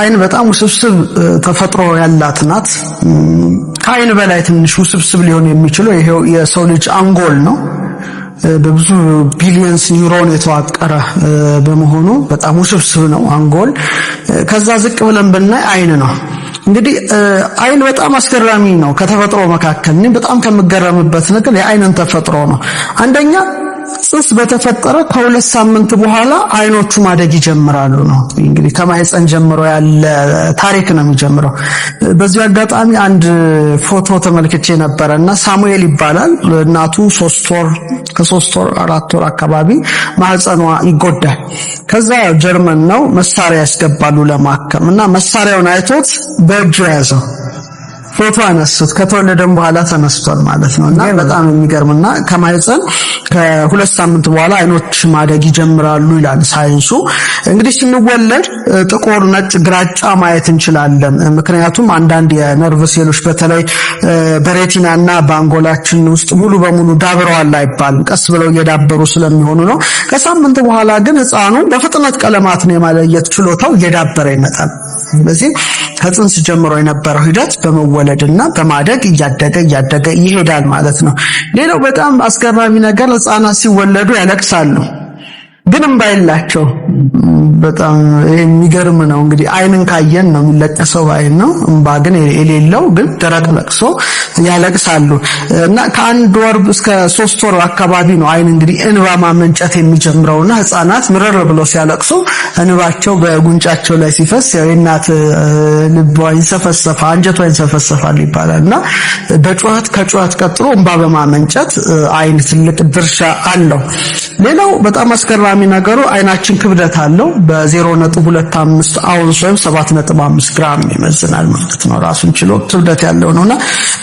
አይን በጣም ውስብስብ ተፈጥሮ ያላት ናት። ከአይን በላይ ትንሽ ውስብስብ ሊሆን የሚችለው ይሄው የሰው ልጅ አንጎል ነው። በብዙ ቢሊየንስ ኒውሮን የተዋቀረ በመሆኑ በጣም ውስብስብ ነው አንጎል። ከዛ ዝቅ ብለን ብናይ አይን ነው። እንግዲህ አይን በጣም አስገራሚ ነው ከተፈጥሮ መካከል። በጣም ከምገረምበት ነገር የአይንን ተፈጥሮ ነው አንደኛ ጽስ በተፈጠረ ከሁለት ሳምንት በኋላ አይኖቹ ማደግ ይጀምራሉ ነው እንግዲህ ከማህፀን ጀምሮ ያለ ታሪክ ነው የሚጀምረው። በዚሁ አጋጣሚ አንድ ፎቶ ተመልክቼ ነበረ እና ሳሙኤል ይባላል። እናቱ ሶስት ወር ከሶስት ወር አራት ወር አካባቢ ማህፀኗ ይጎዳል። ከዛ ጀርመን ነው መሳሪያ ያስገባሉ ለማከም እና መሳሪያውን አይቶት በእጁ ያዘው ፎቶ አነሱት። ከተወለደም በኋላ ተነስቷል ማለት ነው እና በጣም የሚገርምና ከማህፀን ከሁለት ሳምንት በኋላ አይኖች ማደግ ይጀምራሉ ይላል ሳይንሱ። እንግዲህ ስንወለድ ጥቁር፣ ነጭ፣ ግራጫ ማየት እንችላለን። ምክንያቱም አንዳንድ የነርቭ ሴሎች በተለይ በሬቲና እና በአንጎላችን ውስጥ ሙሉ በሙሉ ዳብረዋል አይባልም። ቀስ ብለው እየዳበሩ ስለሚሆኑ ነው። ከሳምንት በኋላ ግን ህፃኑ በፍጥነት ቀለማትን የማለየት ችሎታው እየዳበረ ይመጣል። ስለዚህ ከጽንስ ጀምሮ የነበረው ሂደት በመወለድና በማደግ እያደገ እያደገ ይሄዳል ማለት ነው። ሌላው በጣም አስገራሚ ነገር ህፃናት ሲወለዱ ያለቅሳሉ። ግን እምባ የላቸው። በጣም የሚገርም ነው። እንግዲህ አይንን ካየን ነው የሚለቀሰው፣ በአይን ነው። እምባ ግን የሌለው ግን ደረቅ ለቅሶ ያለቅሳሉ እና ከአንድ ወር እስከ ሶስት ወር አካባቢ ነው አይን እንግዲህ እንባ ማመንጨት የሚጀምረውና ህፃናት ምርር ብሎ ሲያለቅሱ እንባቸው በጉንጫቸው ላይ ሲፈስ ያው የእናት ልቧ ይንሰፈሰፋ አንጀቷ ይንሰፈሰፋል ይባላል እና በጩኸት ከጩኸት ቀጥሎ እምባ በማመንጨት አይን ትልቅ ድርሻ አለው። ሌላው በጣም አስገራሚ ነገሩ አይናችን ክብደት አለው። በ0.25 አውንስ ወይም 7.5 ግራም ይመዝናል ማለት ነው። ራሱን ችሎ ክብደት ያለው ነውና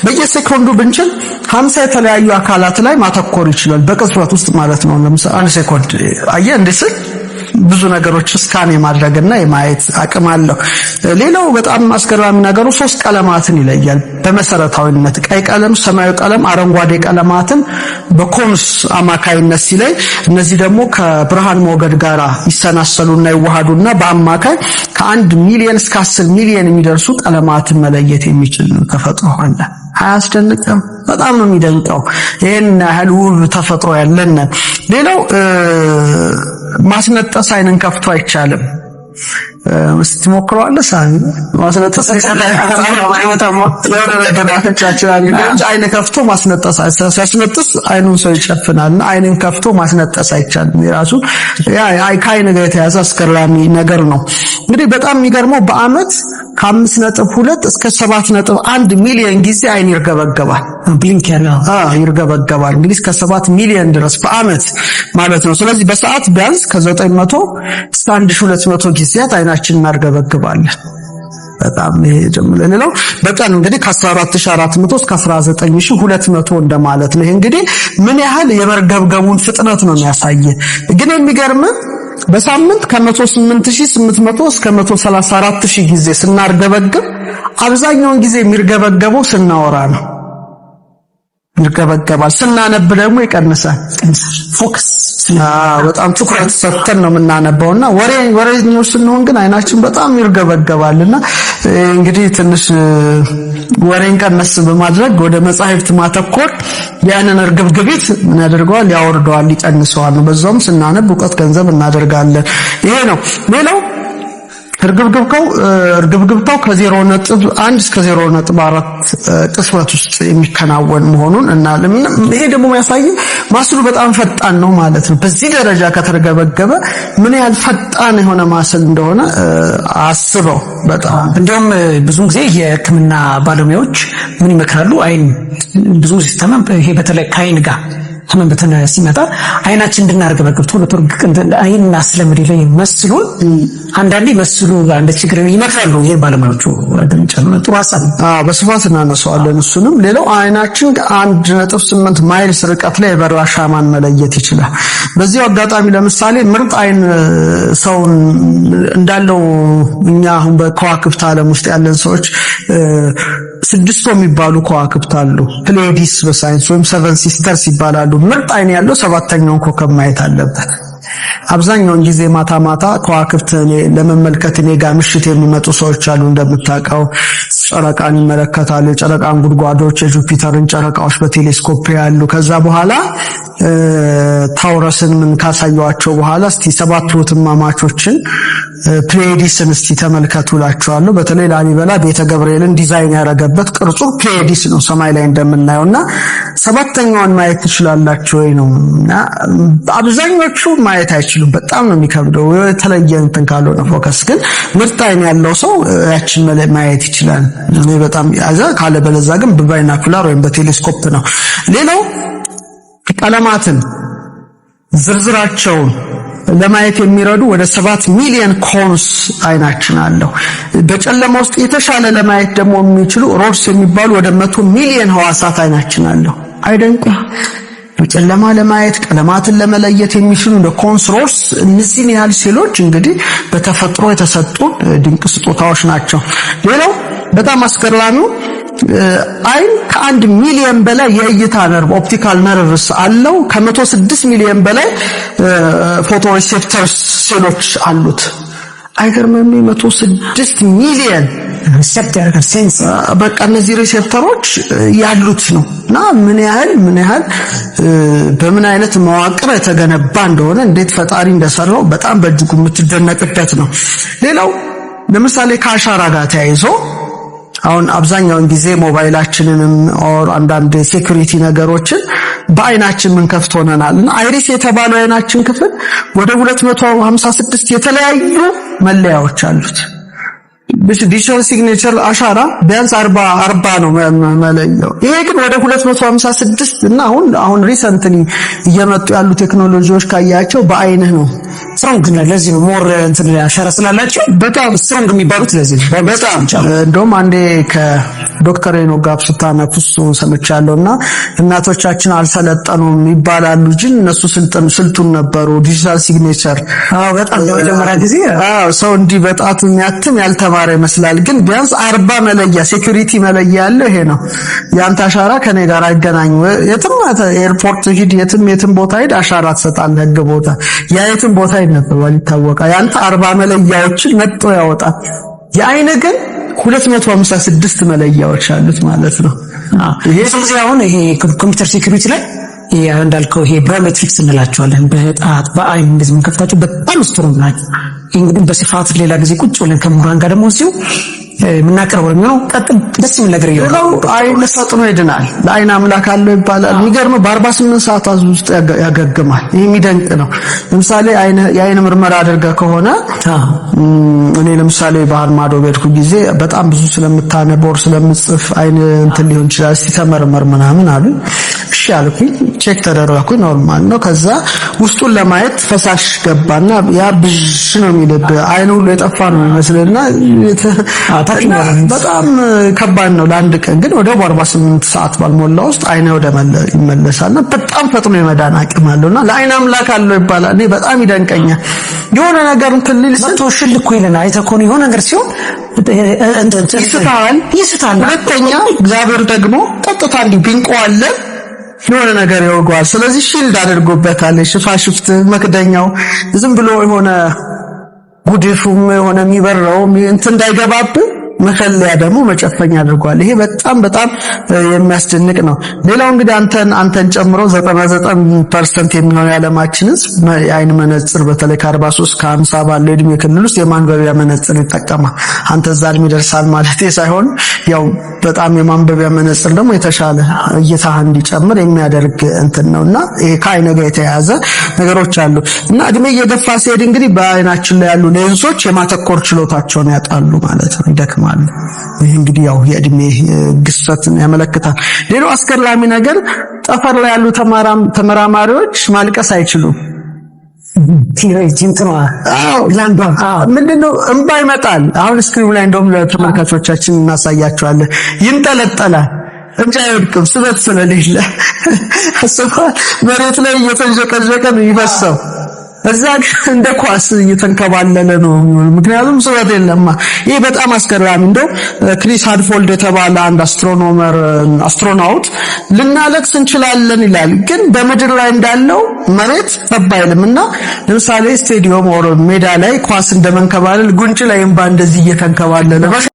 በየሴኮንዱ ብንችል 50 የተለያዩ አካላት ላይ ማተኮር ይችላል። በቅጽበት ውስጥ ማለት ነው። ለምሳሌ አንድ ሴኮንድ አየህ እንዴ ስል ብዙ ነገሮች ስካን የማድረግና የማየት አቅም አለው። ሌላው በጣም አስገራሚ ነገሩ ሶስት ቀለማትን ይለያል። በመሰረታዊነት ቀይ ቀለም፣ ሰማያዊ ቀለም፣ አረንጓዴ ቀለማትን በኮንስ አማካይነት ሲለይ እነዚህ ደግሞ ከብርሃን ሞገድ ጋር ይሰናሰሉና ይዋሃዱና በአማካይ ከአንድ ሚሊየን እስከ አስር ሚሊየን የሚደርሱ ቀለማትን መለየት የሚችል ተፈጥሮ አለ። አያስደንቅም? በጣም ነው የሚደንቀው። ይህን ያህል ውብ ተፈጥሮ ያለን። ሌላው ማስነጠስ አይንን ከፍቶ አይቻልም። ስትሞክረዋለህ አይን ከፍቶ ማስነጠስ ሲያስነጥስ አይኑን ሰው ይጨፍናል እና አይንን ከፍቶ ማስነጠስ አይቻልም። የራሱ ከአይን ጋር የተያዘ አስገራሚ ነገር ነው። እንግዲህ በጣም የሚገርመው በአመት ከአምስት ነጥብ ሁለት እስከ ሰባት ነጥብ አንድ ሚሊዮን ጊዜ አይን ይርገበገባል። ብሊንክ ይርገበገባል እንግዲህ ከሰባት ሚሊዮን ድረስ በአመት ማለት ነው። ስለዚህ በሰዓት ቢያንስ ከዘጠኝ መቶ እስከ አንድ ሺህ ሁለት መቶ ጊዜያት አይናችን እናርገበግባለን። በጣም ይሄ ጀምለ ሌላው በቀን እንግዲህ ከ14400 እስከ 19200 እንደማለት ነው። ይሄ እንግዲህ ምን ያህል የመርገብገቡን ፍጥነት ነው የሚያሳየ ግን የሚገርም በሳምንት ከ108,800 እስከ 134,000 ጊዜ ስናርገበግብ አብዛኛውን ጊዜ የሚርገበገበው ስናወራ ነው። ይርገበገባል። ስናነብ ደግሞ ይቀንሳል። ፎከስ በጣም ትኩረት ሰጥተን ነው የምናነበውና ወሬ ወሬኞች ስንሆን ግን አይናችን በጣም ይርገበገባልና እንግዲህ ትንሽ ወሬን ቀነስ በማድረግ ወደ መጻሕፍት ማተኮር ያንን እርግብግቢት ምን ያደርገዋል? ያወርደዋል፣ ይቀንሰዋል ነው። በዛውም ስናነብ እውቀት ገንዘብ እናደርጋለን። ይሄ ነው ሌላው እርግብግብከው እርግብግብታው ከዜሮ ነጥብ አንድ እስከ ዜሮ ነጥብ አራት ቅጽበት ውስጥ የሚከናወን መሆኑን እና ይሄ ደግሞ የሚያሳይ ማስሉ በጣም ፈጣን ነው ማለት ነው። በዚህ ደረጃ ከተረገበገበ ምን ያህል ፈጣን የሆነ ማስል እንደሆነ አስበው። በጣም እንዲሁም ብዙ ጊዜ የሕክምና ባለሙያዎች ምን ይመክራሉ? አይን ብዙ ሲስተም ይሄ በተለይ ከአይን ጋር ህመም ብትን ሲመጣ አይናችን እንድናደርግ በግብ ቶሎ ቶሎ አይን እናስለምድ ላይ መስሉን አንዳንዴ መስሉ እንደ ችግር ይመክራሉ። ይሄ ባለሙያዎቹ ድምጭምር ጥሩ ሀሳብ በስፋት እናነሳዋለን። እሱንም ሌላው አይናችን አንድ ነጥብ ስምንት ማይልስ ርቀት ላይ የበራ ሻማን መለየት ይችላል። በዚያው አጋጣሚ ለምሳሌ ምርጥ አይን ሰውን እንዳለው እኛ አሁን በከዋክብት ዓለም ውስጥ ያለን ሰዎች ስድስት የሚባሉ ከዋክብት አሉ። ፕሌዲስ በሳይንስ ወይም ሰቨን ሲስተርስ ይባላሉ። ምርጥ አይን ያለው ሰባተኛውን ኮከብ ማየት አለበት። አብዛኛውን ጊዜ ማታ ማታ ከዋክብት ለመመልከት እኔ ጋር ምሽት የሚመጡ ሰዎች አሉ። እንደምታውቀው ጨረቃን ይመለከታሉ። የጨረቃን ጉድጓዶች፣ የጁፒተርን ጨረቃዎች በቴሌስኮፕ ያሉ ከዛ በኋላ ታውረስን ምን ካሳየዋቸው በኋላ እስቲ ሰባት ትማማቾችን ፕሌዲስን እስቲ ተመልከቱ እላቸዋለሁ። በተለይ ላሊበላ ቤተ ገብርኤልን ዲዛይን ያደረገበት ቅርጹ ፕሌዲስ ነው ሰማይ ላይ እንደምናየው እና ሰባተኛዋን ማየት ትችላላችሁ ወይ ነው እና አብዛኞቹ ማየት አይችሉም። በጣም ነው የሚከብደው የተለየ እንትን ካልሆነ ፎከስ። ግን ምርጥ አይን ያለው ሰው ያችን ማየት ይችላል። በጣም ያዘ ካለ በለዛ ግን በባይናኩላር ወይም በቴሌስኮፕ ነው ሌላው ቀለማትን ዝርዝራቸውን ለማየት የሚረዱ ወደ ሰባት ሚሊዮን ኮንስ አይናችን አለው። በጨለማ ውስጥ የተሻለ ለማየት ደግሞ የሚችሉ ሮድስ የሚባሉ ወደ መቶ ሚሊዮን ህዋሳት አይናችን አለው። አይደንቁ? በጨለማ ለማየት ቀለማትን ለመለየት የሚችሉ እንደ ኮንስ፣ ሮድስ እነዚህን ያህል ሴሎች እንግዲህ በተፈጥሮ የተሰጡ ድንቅ ስጦታዎች ናቸው። ሌላው በጣም አስገራሚው አይን ከአንድ ሚሊዮን በላይ የእይታ ነርቭ ኦፕቲካል ነርቭስ አለው። ከመቶ ስድስት ሚሊዮን በላይ ፎቶ ሪሴፕተርስ ሴሎች አሉት። አይገርምም? መቶ ስድስት ሚሊዮን ሪሴፕተር ሴንስ በቃ እነዚህ ሪሴፕተሮች ያሉት ነው እና ምን ያህል ምን ያህል በምን አይነት መዋቅር የተገነባ እንደሆነ እንዴት ፈጣሪ እንደሰራው በጣም በእጅጉ የምትደነቅበት ነው። ሌላው ለምሳሌ ከአሻራ ጋር ተያይዞ አሁን አብዛኛውን ጊዜ ሞባይላችንንም ኦር አንዳንድ ሴኩሪቲ ነገሮችን በአይናችን ምንከፍት ሆነናል እና አይሪስ የተባለው አይናችን ክፍል ወደ 256 የተለያዩ መለያዎች አሉት። ዲጂታል ሲግኔቸር አሻራ ቢያንስ 40 40 ነው መለያው። ይሄ ግን ወደ 256 እና አሁን አሁን ሪሰንትሊ እየመጡ ያሉ ቴክኖሎጂዎች ካያቸው በአይንህ ነው ስትሮንግ ነ ለዚህ ነው ሞር እንትን አሻራ ስላላቸው በጣም ስትሮንግ የሚባሉት ለዚህ ነው። በጣም እንደውም አንዴ ከዶክተር ኖጋብ ኖጋ ስታነኩሱ ሰምቻለሁ እና እናቶቻችን አልሰለጠኑም ይባላሉ እንጂ እነሱ ስልቱን ነበሩ። ዲጂታል ሲግኔቸር በጣም ለመጀመሪያ ጊዜ ሰው እንዲህ በጣቱ የሚያትም ያልተማረ ይመስላል፣ ግን ቢያንስ አርባ መለያ ሴኩሪቲ መለያ ያለው ይሄ ነው። የአንተ አሻራ ከኔ ጋር አይገናኝም። የትም ኤርፖርት ሂድ፣ የትም የትም ቦታ ሂድ፣ አሻራ ትሰጣለህ ህግ ቦታ ያ የትም ቦታ ሂድ በመባል ይታወቃል። ያንተ አርባ መለያዎችን ነጥቶ ያወጣል። የአይን ግን 256 መለያዎች አሉት ማለት ነው። ይሄ ስለዚህ አሁን ይሄ ኮምፒውተር ሴኩሪቲ ላይ ይሄ እንዳልከው ይሄ ባዮሜትሪክስ እንላቸዋለን። በጣት በአይን እንደዚህ የምንከፍታቸው በጣም ስትሮንግ ናቸው። እንግዲህ በስፋት ሌላ ጊዜ ቁጭ ብለን ከምሁራን ጋር ደግሞ ሲሆን የምናቀርበው የሚሆነው ቀጥል ደስ የሚል ነገር ይሆናል። አይን ፈጥኖ ይድናል። ለአይን አምላክ አለው ይባላል። የሚገርመው በ48 ሰዓታት ውስጥ ያገግማል። ይህ የሚደንቅ ነው። ለምሳሌ የአይን ምርመራ አድርገ ከሆነ እኔ ለምሳሌ ባህር ማዶ በሄድኩ ጊዜ በጣም ብዙ ስለምታነበው ስለምጽፍ አይን እንትን ሊሆን ይችላል ሲተመርመር ምናምን አሉ እሺ አልኩኝ። ቼክ ተደረኩኝ፣ ኖርማል ነው። ከዛ ውስጡን ለማየት ፈሳሽ ገባና ያ ብዥ ነው የሚልብ አይኑ ሁሉ የጠፋ ነው ይመስልና በጣም ከባድ ነው። ለአንድ ቀን ግን ወደ 48 ሰዓት ባልሞላ ውስጥ አይነ ወደ ይመለሳልና በጣም ፈጥኖ የመዳን አቅም አለውና ለአይን አምላክ አለው ይባላል። እኔ በጣም ይደንቀኛል። የሆነ ነገር እንትን ሊል ሽል እኮ ይለና አይተኮን የሆነ ነገር ሲሆን ይስታል ይስታል። ሁለተኛ እግዚአብሔር ደግሞ ቀጥታ እንዲህ ቢንቆ አለ የሆነ ነገር ይወገዋል። ስለዚህ ሺልድ አድርጎበታል። ሽፋሽፍት መክደኛው ዝም ብሎ የሆነ ጉድፉም የሆነ የሚበረው እንትን እንዳይገባብን መከለያ ደግሞ መጨፈኛ አድርጓል። ይሄ በጣም በጣም የሚያስደንቅ ነው። ሌላው እንግዲህ አንተን አንተን ጨምሮ 99% የሚሆነው የዓለማችን ሕዝብ የአይን መነጽር በተለይ ከ43 ከ50 ባለው እድሜ ክልል ውስጥ የማንበቢያ መነጽር ይጠቀማል። አንተ እዛ እድሜ ደርሳል ማለት ሳይሆን ያው በጣም የማንበቢያ መነጽር ደግሞ የተሻለ እይታ እንዲጨምር የሚያደርግ እንትን ነውና ይሄ ከአይን ጋር የተያያዘ ነገሮች አሉ እና እድሜ እየገፋ ሲሄድ እንግዲህ በአይናችን ላይ ያሉ ሌንሶች የማተኮር ችሎታቸውን ያጣሉ ማለት ነው፣ ይደክማል ይሆናሉ። ይህ እንግዲህ ያው የእድሜ ግሰትን ያመለክታል። ሌላው አስገራሚ ነገር ጠፈር ላይ ያሉ ተመራማሪዎች ማልቀስ አይችሉም። ምንድን ነው እንባ ይመጣል። አሁን ስክሪኑ ላይ እንደውም ለተመልካቾቻችን እናሳያቸዋለን። ይንጠለጠላል እንጂ አይወድቅም፣ ስበት ስለሌለ መሬት ላይ እየተንዠቀዠቀ ነው ይበሳው። እዛ እንደ ኳስ እየተንከባለለ ነው። ምክንያቱም ስበት የለማ። ይሄ በጣም አስገራሚ እንደው ክሪስ ሃድፎልድ የተባለ አንድ አስትሮኖመር አስትሮናውት ልናለቅስ እንችላለን ይላል፣ ግን በምድር ላይ እንዳለው መሬት ጠብ አይልም እና ለምሳሌ ስቴዲየም ሜዳ ላይ ኳስ እንደመንከባለል ጉንጭ ላይ እምባ እንደዚህ እየተንከባለለ